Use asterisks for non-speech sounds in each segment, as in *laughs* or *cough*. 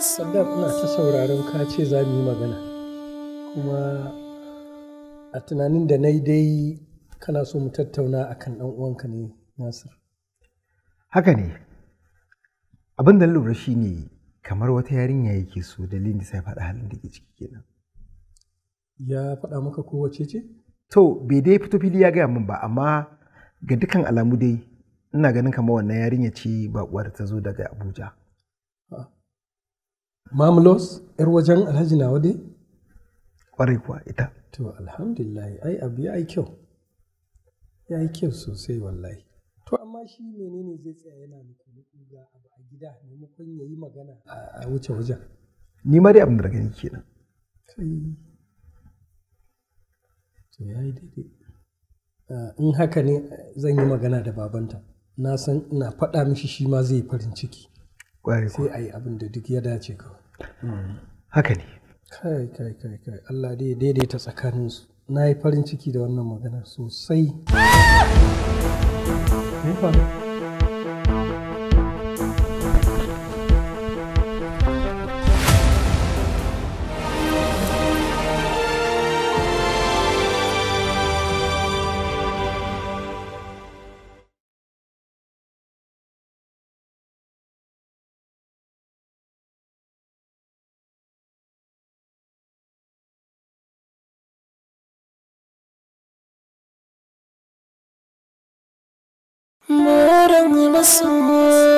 sadda kuna ta sauraron ka ce za mu yi magana kuma a tunanin da na dai kana so mu tattauna a kan uwanka ne nasir haka ne abin da lura shi ne kamar wata yarinya yake so dalilin da sai faɗa halin da ke ciki kenan ya faɗa maka ko wace ce to bai dai fito fili ya gaya min ba amma ga dukkan alamu dai ina ganin kamar wannan yarinya ce uwar ta zo daga abuja mamulos ‘yar wajen Alhaji Nawa dai? kwarai kuwa ita. To, alhamdulillah, ai abu ya yi kyau. Ya yi kyau sosai wallahi. To, amma shi menene zai tsaya yana nufi ga abu a gida maimakon ya yi magana a wuce wajen. Ni ma dai abin da gani kenan. Sai. To, ya yi daidai. In haka ne eh, zan yi magana da babanta. Na san ina faɗa mishi shi ma zai farin ciki. sai a yi abin da duk ya dace kawai hmm. haka ne kai kai kai kai Allah dai daidaita tsakaninsu na yi farin ciki da wannan magana sosai me faru Thank you.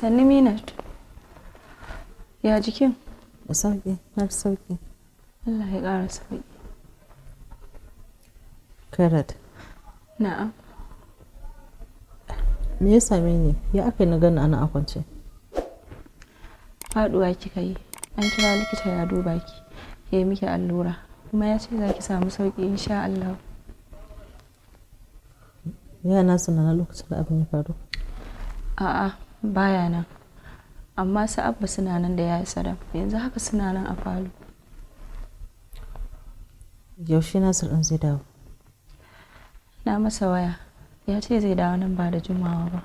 Sannu Minat. Ya jikin? Sauki, na sauki. Allah ya ƙara sauki. Karat. Na'am. Me ya same ni? Ya aka yi na gani ana akwance? faduwa kika yi. An kira likita ya duba ki. Ya yi miki allura. Kuma ya ce za ki samu sauki insha Allah. Yana na lokacin da abin ya faru? A'a. baya nan amma su abba suna nan da ya yi sadam yanzu haka suna nan a falo yaushe nasir ɗin zai dawo na masa waya ya ce zai dawo nan ba da jimawa ba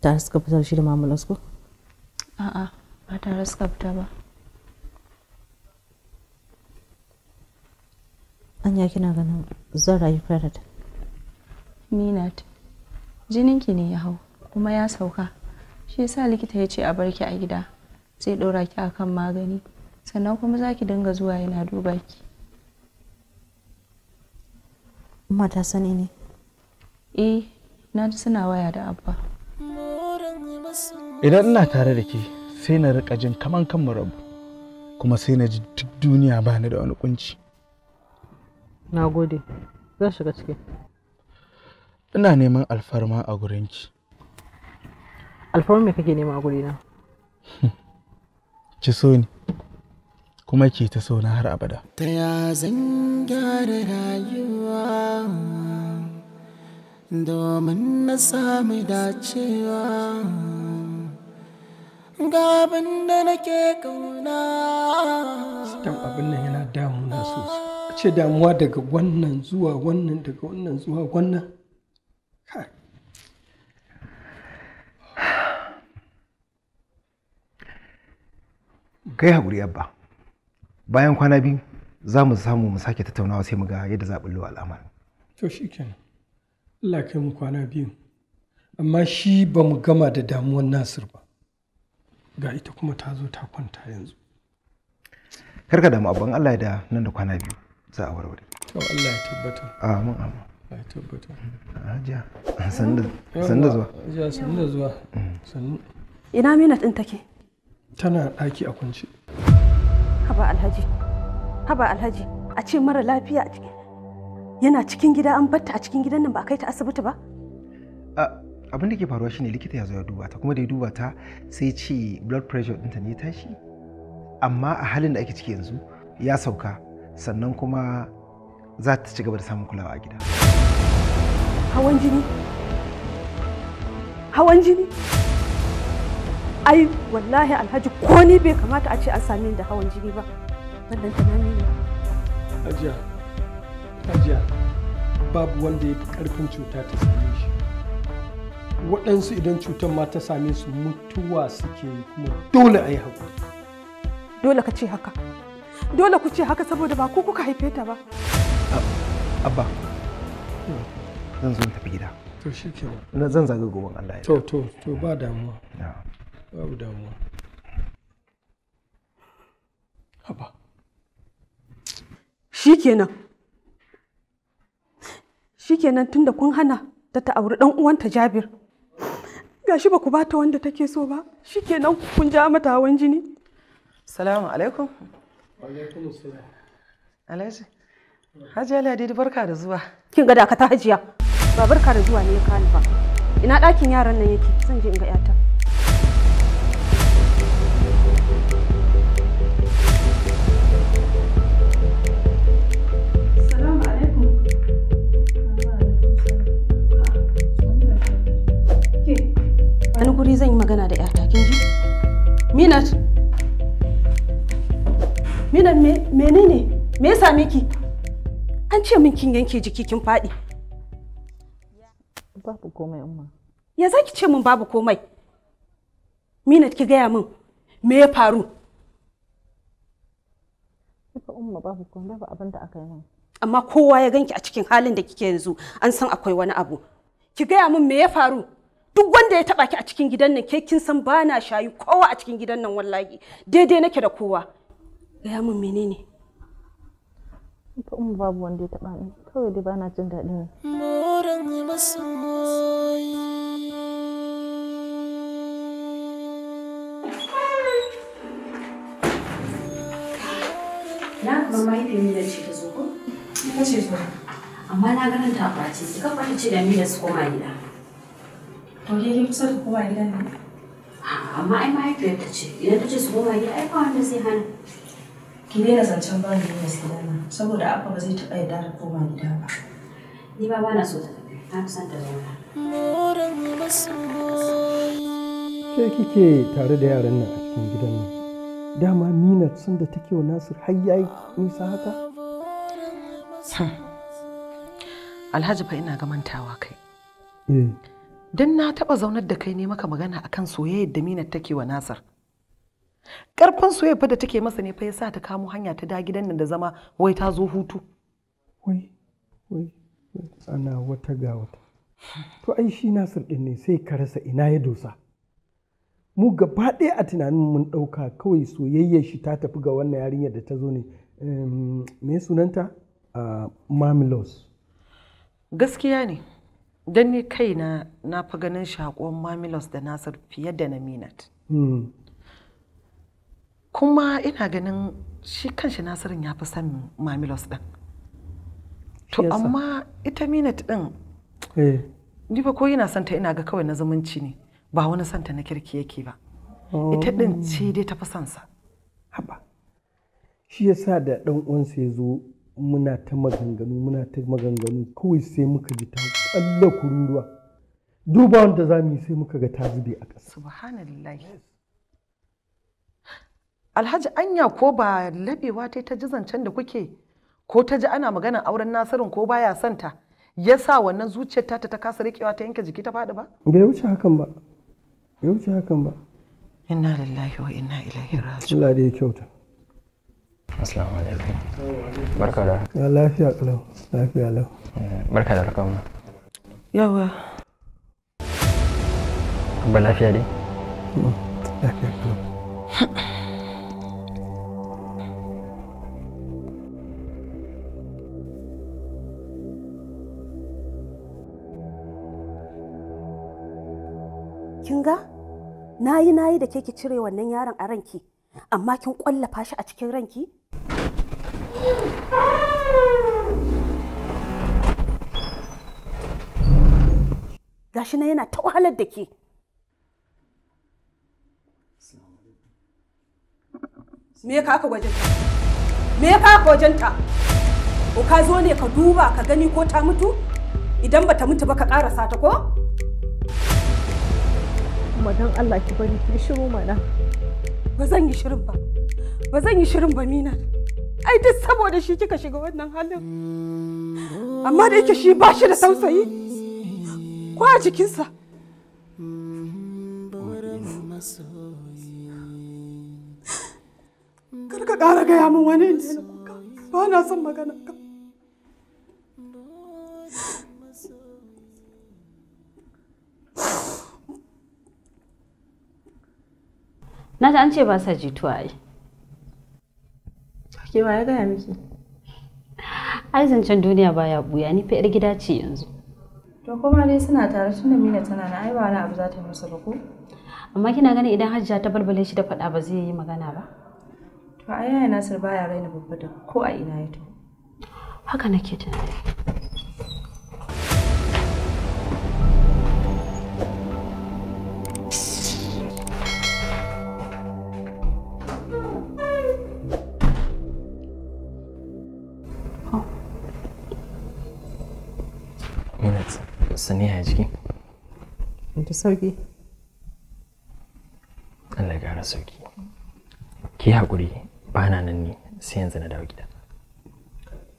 ta suka fitar shi da ku. a'a ba tare suka fita ba anya kina ganin zan rayu ta. minat jininki ne ya hau kuma ya sauka shi yasa likita ya ce a barki a gida zai ɗora ki a kan magani sannan kuma za ki dinga zuwa yana duba ki amma sani ne eh na ji suna waya da abba idan ina tare da ke sai na rika jin kaman kan rabu kuma sai na ji duk duniya bani da wani kunci na gode zan shiga ciki ina neman alfarma a gurin ki. alfarma me kake nema a gurina *laughs* ki so ni kuma ki ta so na har abada ta ya zan gyara rayuwa domin na samu dacewa ga abin da nake kauna sitan abin nan yana damuna sosai a ce damuwa daga wannan zuwa wannan daga wannan zuwa wannan kai haƙuri abba bayan kwana biyu za mu samu mu sake tattaunawa sai mu ga yadda za a al'amari. to shi kenan Allah kai mu kwana biyu amma shi ba mu gama da damuwar nasir ba ga ita kuma ta zo ta kwanta yanzu karka damu abban Allah ya da nan da kwana biyu za a warware to Allah ya tabbata amin amin ya tabbata hajiya san da zuwa hajiya san da zuwa mm. sannu ina mina din take tana ɗaki a kunci. haba alhaji haba alhaji a ce mara lafiya yana cikin gida an batta a cikin gidan nan ba a kai ta asibiti ba abin da ke faruwa shine likita ya zo ya duba ta kuma da ya duba ta sai ce blood pressure ɗinta ne tashi amma a halin da ake ciki yanzu ya sauka sannan kuma za ta ci gaba da samun kulawa a gida. hawan jini hawan jini ai wallahi alhaji ko ni bai kamata a ce an sami da hawan jini ba wannan tunani ne ajiya ajiya babu wanda ya karfin cuta ta same shi waɗansu idan cutar ma ta same su mutuwa suke yi kuma dole a yi haƙuri dole ka ce haka dole ku ce haka saboda ba ku kuka haife ta ba abba zan zo tafi gida to shi na zan zaga gobe Allah ya to to to ba damuwa babu damuwa haba shikenan shikenan tunda kun hana ta ta auri dan uwanta Jabir gashi ba ku bata wanda take so ba shikenan kun ja mata hawan jini salamu alaikum alaikum assalam alhaji hajiya ladidi barka da zuwa kin ga da ka ta hajiya babar ka da zuwa ne ka ba ina ɗakin yaran nan yake zan je in ga 'yata wani guri zan yi magana da yata kin ji minat minat menene me ya same ki an ce min kin yanke jiki kin faɗi ya za ki ce min babu komai minat ki gaya min me ya faru Duka umma babu komai babu abin da aka yi min amma kowa ya ganki a cikin halin da kike yanzu an san akwai wani abu ki gaya min me ya faru duk wanda ya taba ki a cikin gidan nan ke kin san ba na shayi kowa a cikin gidan nan wallahi daidai nake da kowa gaya min menene umma babu wanda ya taba ni kawai dai ba na jin daɗi ne Na ban mahaifiyar Mila ce ta zo ko? Ita ce zo. Amma na ganin ta ɓaci, su kafa ta ce da Mila su koma gida. To dai yi kusa da kowa gidan ne? Amma ai mahaifiyar ta ce, idan ta ce su koma gida ai ba wanda zai hana. Ki daina zancen ba ni da su gidana, saboda abba ba zai taɓa yarda ta koma gida ba. Ni ba ba na so ta tafi, na fi son ta zauna. Moran masoyi. Ke kike tare da yaran nan a cikin gidan nan? dama mina sanda take wa nasir har yayi nisa haka alhaji fa ina ga mantawa kai eh. don na taɓa zaunar da kai ne maka magana akan soyayyar da mina take wa nasir karfin soyayya fa da take masa ne fa yasa ta kamo hanya ta da gidan nan da zama wai ta zo hutu wai wai ana wata ga wata to ai shi nasir ɗin ne sai ka rasa ina ya dosa mu gaba ɗaya a tunanin mun ɗauka kawai soyayyar shi ta tafi ga wannan yarinyar da ta zo ne me sunanta ah, mamilos gaskiya ne don ni kai na fi ganin shakon mamilos da nasar fiye da na minat hmm. kuma ina ganin shi kanshi nasarin ya fi son mamilos ɗin to amma ita minat ɗin eh. ni ba ko yana santa ina ga kawai na zumunci ne ba wani santa na kirki yake ba oh. ita din ce dai tafi sansa haba shi yasa da dan uwansa ya zo muna ta maganganu muna ta maganganu kawai sai muka ji ta allah kururuwa duba wanda za mu yi sai muka ga ta zube a ƙasa subhanallahi alhaji anya ko ba labewa ta ta ji zancen da kuke ko ta ji ana maganar auren nasirin ko baya santa ya sa wannan zuciyar ta ta kasa riƙewa ta yanke jiki ta faɗi ba bai wuce hakan ba ya wuce hakan ba inna lillahi wa inna ilaihi raji'un Allah da ya kyauta assalamu alaikum barka da ya lafiya kalau lafiya lau eh, barka da rakama yawa ba lafiya dai hmm, lafiya kalau kin ga nayi nayi da ke ki cire wannan yaron a ranki amma kin kwallafa shi a cikin ranki gashi na yana ta wahalar da ke me ka kaka wajen ta me ka kaka wajen ko ka zo ne ka duba ka gani ko ta mutu idan bata mutu ba ka karasa ta ko umma don Allah ki bari ki shiru mana ba zan yi shirin ba ba zan yi shirin ba mina ai duk saboda shi kika shiga wannan halin amma da yake shi ba shi da tausayi ko a jikinsa kar ka ƙara gaya min wani kuka ba na son magana ka na ji an ce ba sa jituwa ai ke ba ya gaya miki ai zancen duniya baya buya ni fa yar gida ce yanzu to kuma dai suna tare suna mina tana na ai ba wani abu za ta musu ba ko amma kina ganin idan hajja ta balbale shi da faɗa ba zai yi magana ba to ai yaya nasir baya raina babba da ko a ina ya to haka nake tunani Minat, sani ya jiki? Da sauki. Allah ya gara sauki. Ki haƙuri ba na nan ne sai yanzu dawo gida.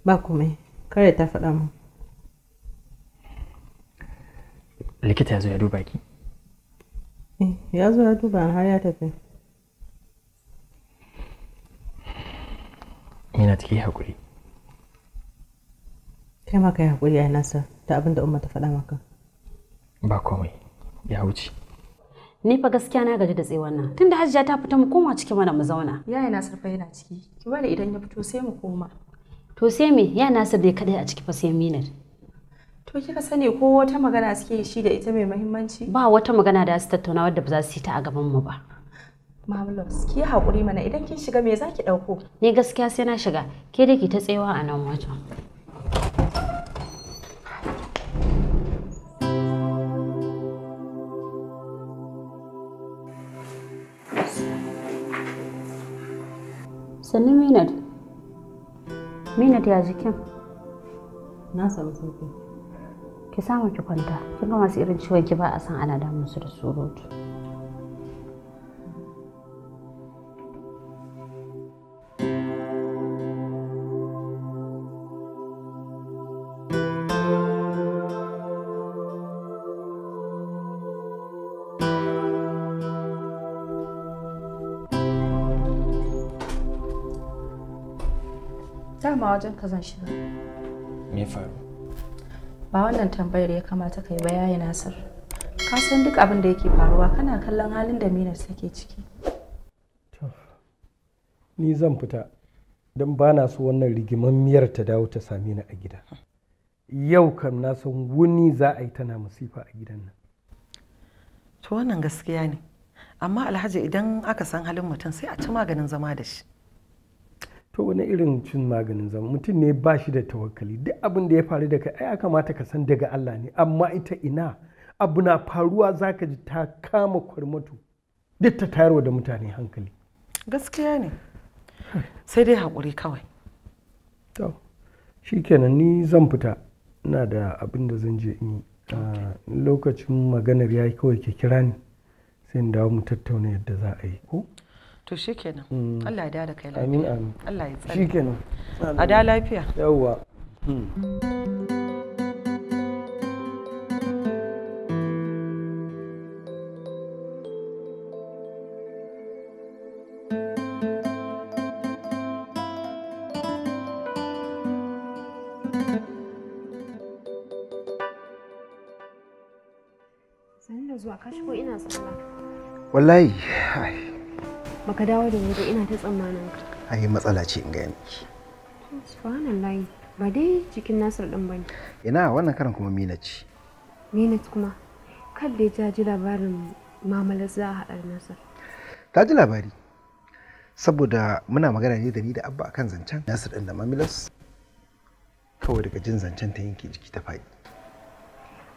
Ba komai, kare ta faɗa mu. Likita ya zo ya duba ki? Eh, ya zo ya duba har ya tafi. Minat, ki haƙuri. kai ma ka yi haƙuri a nasa da abin da umar ta faɗa maka ba komai ya wuce ni fa gaskiya na gaji da tsaye nan tunda hajjiya ta fita mu koma ciki mana mu zauna yaya nasir fa yana ciki ki bari idan ya fito sai mu koma to sai me ya nasir dai kadai a ciki fa sai minar To kika sani ko wata magana suke shi da ita mai muhimmanci? Ba wata magana da su tattauna wadda ba za su yi ta a gaban mu ba. Mamlos, ki haƙuri mana idan kin shiga me zaki ɗauko? Ni gaskiya sai na shiga, ke da ki ta tsewa a nan wajen. sannan minad minad ya jikin na samu sauki ki samu ki kwanta kin ga masu irin ciwon ki ba a san ana damun su da surutu Dama wajen ka zan shiga. Me faru? Ba wannan tambayar ya kamata kai ba yayi Nasir. Ka san duk abin da yake faruwa kana kallon halin da Minas take ciki. To. Ni zan fita don ba na so wannan rigimammiyar ta dawo ta same ni a gida. Yau kam na san wuni za a yi tana musifa a gidan nan. To wannan gaskiya ne. Amma Alhaji idan aka san halin mutum sai a ci maganin zama da shi. to wani irin cin maganin zama mutum ne ba shi da tawakkali duk abin da ya faru da kai ya kamata ka san daga Allah ne amma ita ina abu na faruwa zaka ji ta kama kwarmatu duk ta tayarwa da mutane hankali gaskiya ne sai dai haƙuri kawai to kenan ni zan fita ina da abin da zan je in ah, lokacin maganar ya yi kawai ke kira ni sai in dawo mu tattauna yadda za a yi ko to shikenan mm. Allah ya da kai lafiya amin amin Allah ya tsare shikenan a da lafiya yawwa hmm. wallahi baka dawo da wuri ina ta tsammanin ka ai matsala ce in ga miki subhanallahi ba dai cikin Nasir din bane ina wannan karan kuma Mina ce Mina kuma dai ta ji labarin mamalar za a haɗar Nasir ta ji labari saboda muna magana ne da ni da abba akan zancen Nasir din da mamilas kawai daga jin zancen ta yanke jiki ta faɗi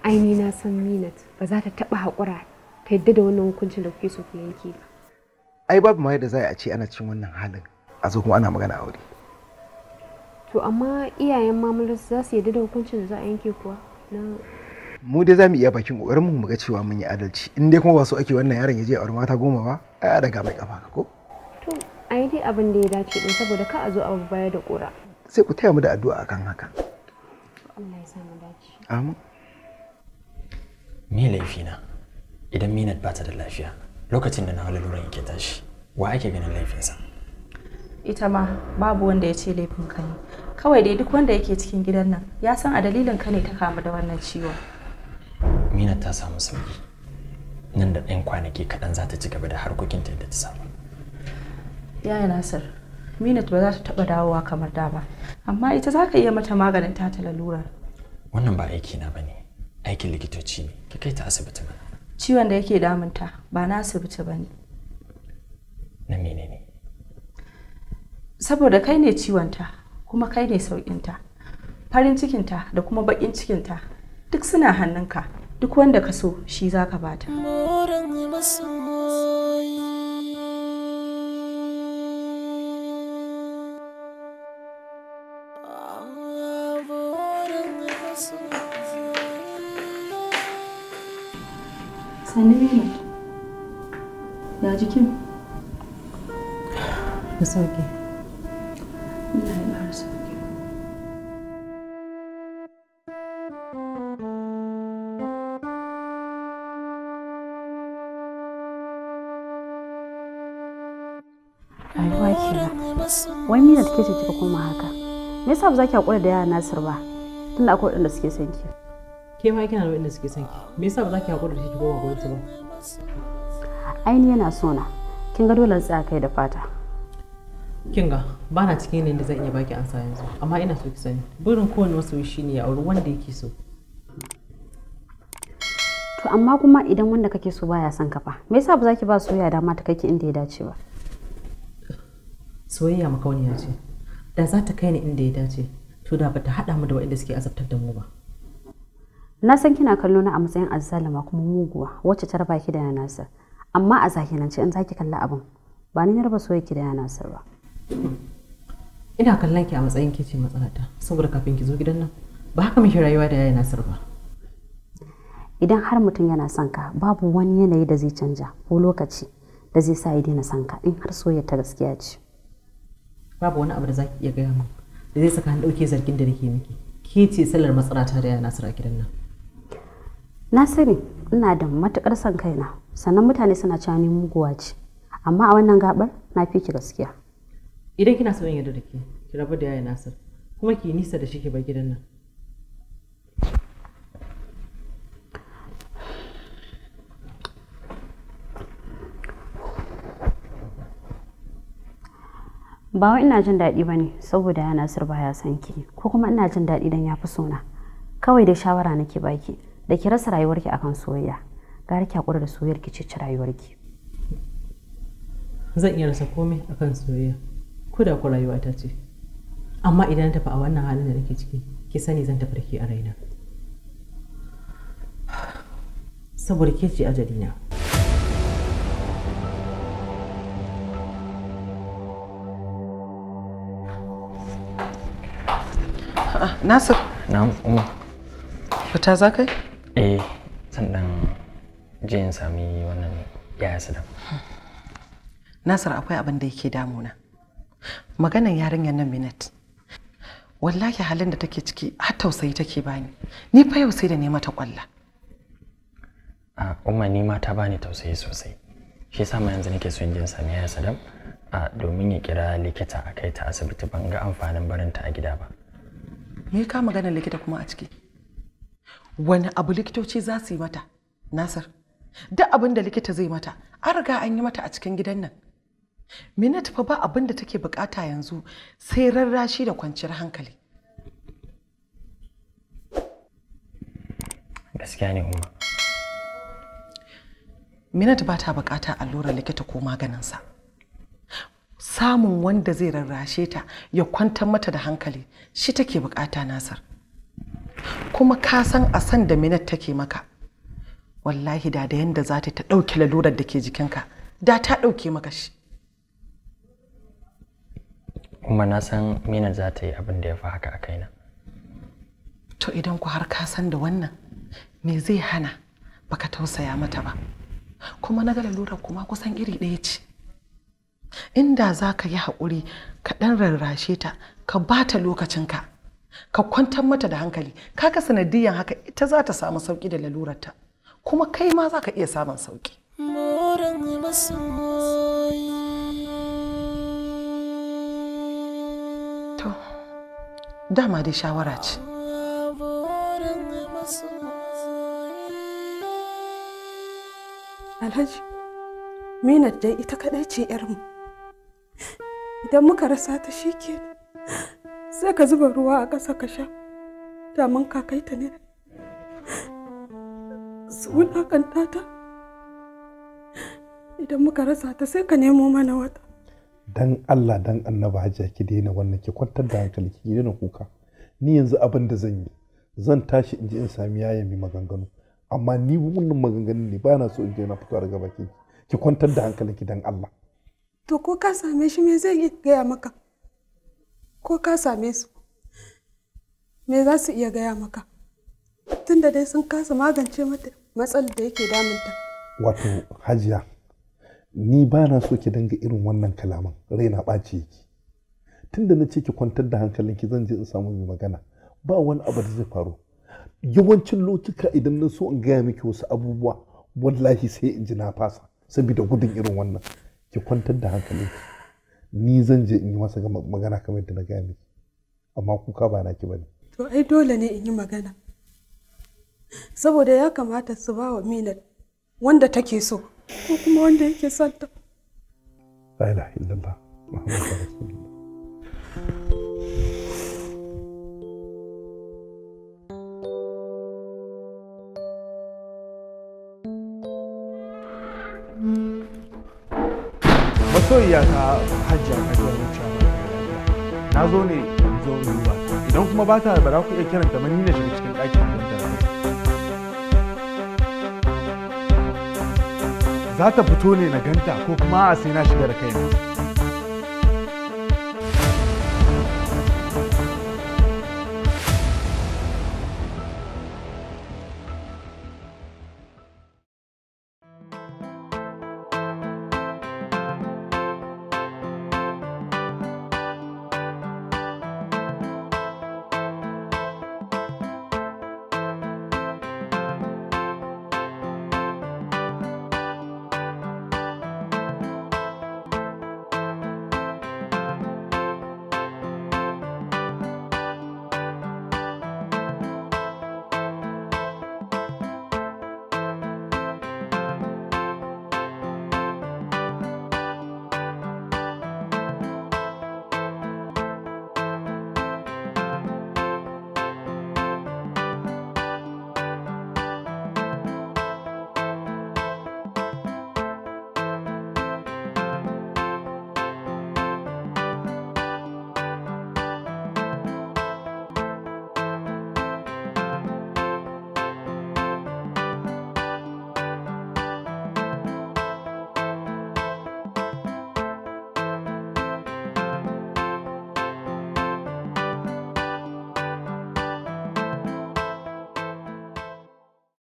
ai ni na san Minat ba za ta taɓa haƙura ta yadda da wannan hukuncin da kuke so ku yanke ba ai babu ma yadda za a ce ana cin wannan halin a zo kuma ana magana aure to amma iyayen mamular za su yarda da hukuncin da za a yanke kuwa mu dai za mu iya bakin kokarin mu ga cewa mun yi adalci in dai kuma ba su ake wannan yaron ya je aure mata goma ba ai a daga mai kafa ko to yi dai abin da ya dace din saboda ka a zo abu baya da kura sai ku taya mu da addu'a akan haka Allah ya sa mu dace amin me laifina idan Minat ba ta da lafiya lokacin da na lura yake tashi wa ake ganin laifinsa ita ma babu wanda ya ce laifin ka ne kawai dai duk wanda yake cikin gidan nan ya san a dalilin ka ne ta kamu da wannan ciwon mina ta samu sauki nan da ɗan kwanaki kaɗan za ta ci gaba da harkokinta da ta saba yaya nasir minat ba za ta taɓa dawowa kamar da ba amma ita za ka iya mata maganin ta lalurar wannan ba aiki na ba ne aikin likitoci ne ki kai ta asibiti mana ciwon da yake damunta ba na asibiti ba ne na menene saboda kai ne ciwonta kuma kai ne sauƙinta farin cikinta da kuma baƙin cikinta duk suna hannunka duk wanda ka so shi za ka bata. Sen de Ya jikin? kim? Nasıl ki? ya ƙara sauki. Wai take ce kika koma haka. Me yasa ba za ki haƙura da yara Nasir ba? Tunda akwai waɗanda suke son ki. ke ma kina da suke son ki me yasa ba za ki hakura da shi goma ba su ba aini yana so na kin ga dole tsaya kai da fata kin ga ba na cikin yanayin da zan iya baki ansa yanzu amma ina so ki sani burin kowane shi shine ya auri wanda yake so to amma kuma idan wanda kake so baya son ka fa me yasa ba za ki ba soyayya dama ta kake inda ya dace ba soyayya makauniya ce da za ta kai ni inda ya dace to da ba ta haɗa mu da waɗanda suke azabtar da mu ba na san kina kallo na a matsayin azzalima kuma muguwa wacce ta raba ki da yana amma a zahirance in zaki kalla abin ba ni na raba soyayya da yana ba ina kallon ki a matsayin ki ce matsalata saboda kafin ki zo gidan nan ba haka miki rayuwa da yana nasar ba idan har mutum yana son ka babu wani yanayi da zai canja ko lokaci da zai sa ya daina son ka in har soyayya ta gaskiya ce babu wani abu da zaki iya gaya min da zai saka ni dauke zargin da nake miki ke ce sallar matsalata da yana a gidan nan na sani ina da matukar son kaina sannan mutane suna cewa ni muguwa ce amma a wannan gabar na fi ki gaskiya idan kina son yadda da ke ki rabu da yaya nasir kuma ki nisa da shi ki bar gidan nan ba wai ina jin daɗi ba ne saboda ya ba ya son ki ko kuma ina jin daɗi don ya fi sona kawai da shawara nake baki da ki rasa rayuwarki akan soyayya gara ki hakura da soyayyar ki ce rayuwarki zan iya rasa komai akan soyayya ko da ku rayuwata ce amma idan tafi a wannan halin da nake ciki ki sani zan tafi da ke a raina saboda ke ce ajalina ah, Nasir. Na'am, Umar. Fita za kai? eh sannan je in sami wannan yaya sadan nasir akwai abin da yake damuna maganan yarinyar nan minet wallahi halin da take ciki har tausayi take bani ni fa yau sai da nema ta kwalla a umma ni ma ta bani tausayi sosai shi yasa ma yanzu nake son jin sami ya sadan a domin ya kira likita a kai ta asibiti ban ga amfanin barinta a gida ba me ka magana likita kuma a ciki wani abu likitoci za su yi mata nasir duk abin da likita zai mata an riga an yi mata a cikin gidan nan minat fa ba abin da take bukata yanzu sai rarrashi da kwanciyar hankali gaskiya ne kuma minat ba ta bukata allurar likita ko maganinsa samun wanda zai rarrashe ta ya kwantar mata da hankali shi take bukata nasar kuma ka san a san da minat take maka wallahi da da yanda za ta ta ɗauki lalurar da ke jikinka da ta ɗauke maka shi kuma na san minat za ta yi abin da ya fi haka a kaina to idan ku har ka san da wannan me zai hana baka tausaya mata ba kuma na ga lalurar kuma kusan iri ɗaya ce inda za ka yi haƙuri ka ɗan rarrashe ta ka ba ta lokacinka ka kwantar mata da hankali kaka sanadiyan haka ita za ta samu sauki da lalurarta kuma kai ma za ka iya samun sauki to dama dai shawara ce alhaji minar dai ita kadai ce yarmu idan muka rasa ta shi kenan sai ka zuba ruwa a ƙasa ka sha kai kakaita ne su wulaƙanta ta idan muka rasa ta sai ka nemo mana wata dan Allah dan annaba hajiya ki daina wannan ki kwantar da hankali ki daina kuka ni yanzu abin da zan yi zan tashi in je in sami yayin mai maganganu amma ni wannan maganganun ne bana so in je na fito daga baki ki kwantar da hankali ki dan Allah to ko ka same shi me zai gaya maka ko ka same su me za su iya gaya maka tunda dai sun kasa magance mata matsalar da yake damunta wato hajiya ni ba na so ki danga irin wannan kalaman rai na ɓaci yake tunda na ce ki kwantar da hankalin ki zan je in samu mai magana ba wani abu da zai faru yawancin lokuta idan na so in gaya miki wasu abubuwa wallahi sai in ji na fasa saboda gudun irin wannan ki kwantar da hankalinki ni zan je in yi masa magana kamar da na gaya miki amma kuka ba naki bane to ai dole ne in yi magana saboda ya kamata su ba wa minat wanda take so ko kuma wanda yake son ta la ilaha illallah muhammadu rasulullah masoyiya ta hajjiya ta ga zuciya na zo ne in zo in duba idan kuma ba ta ba za ku iya kiranta ba ni na shiga cikin ɗakin da za ta fito ne na ganta ko kuma a sai na shiga da kaina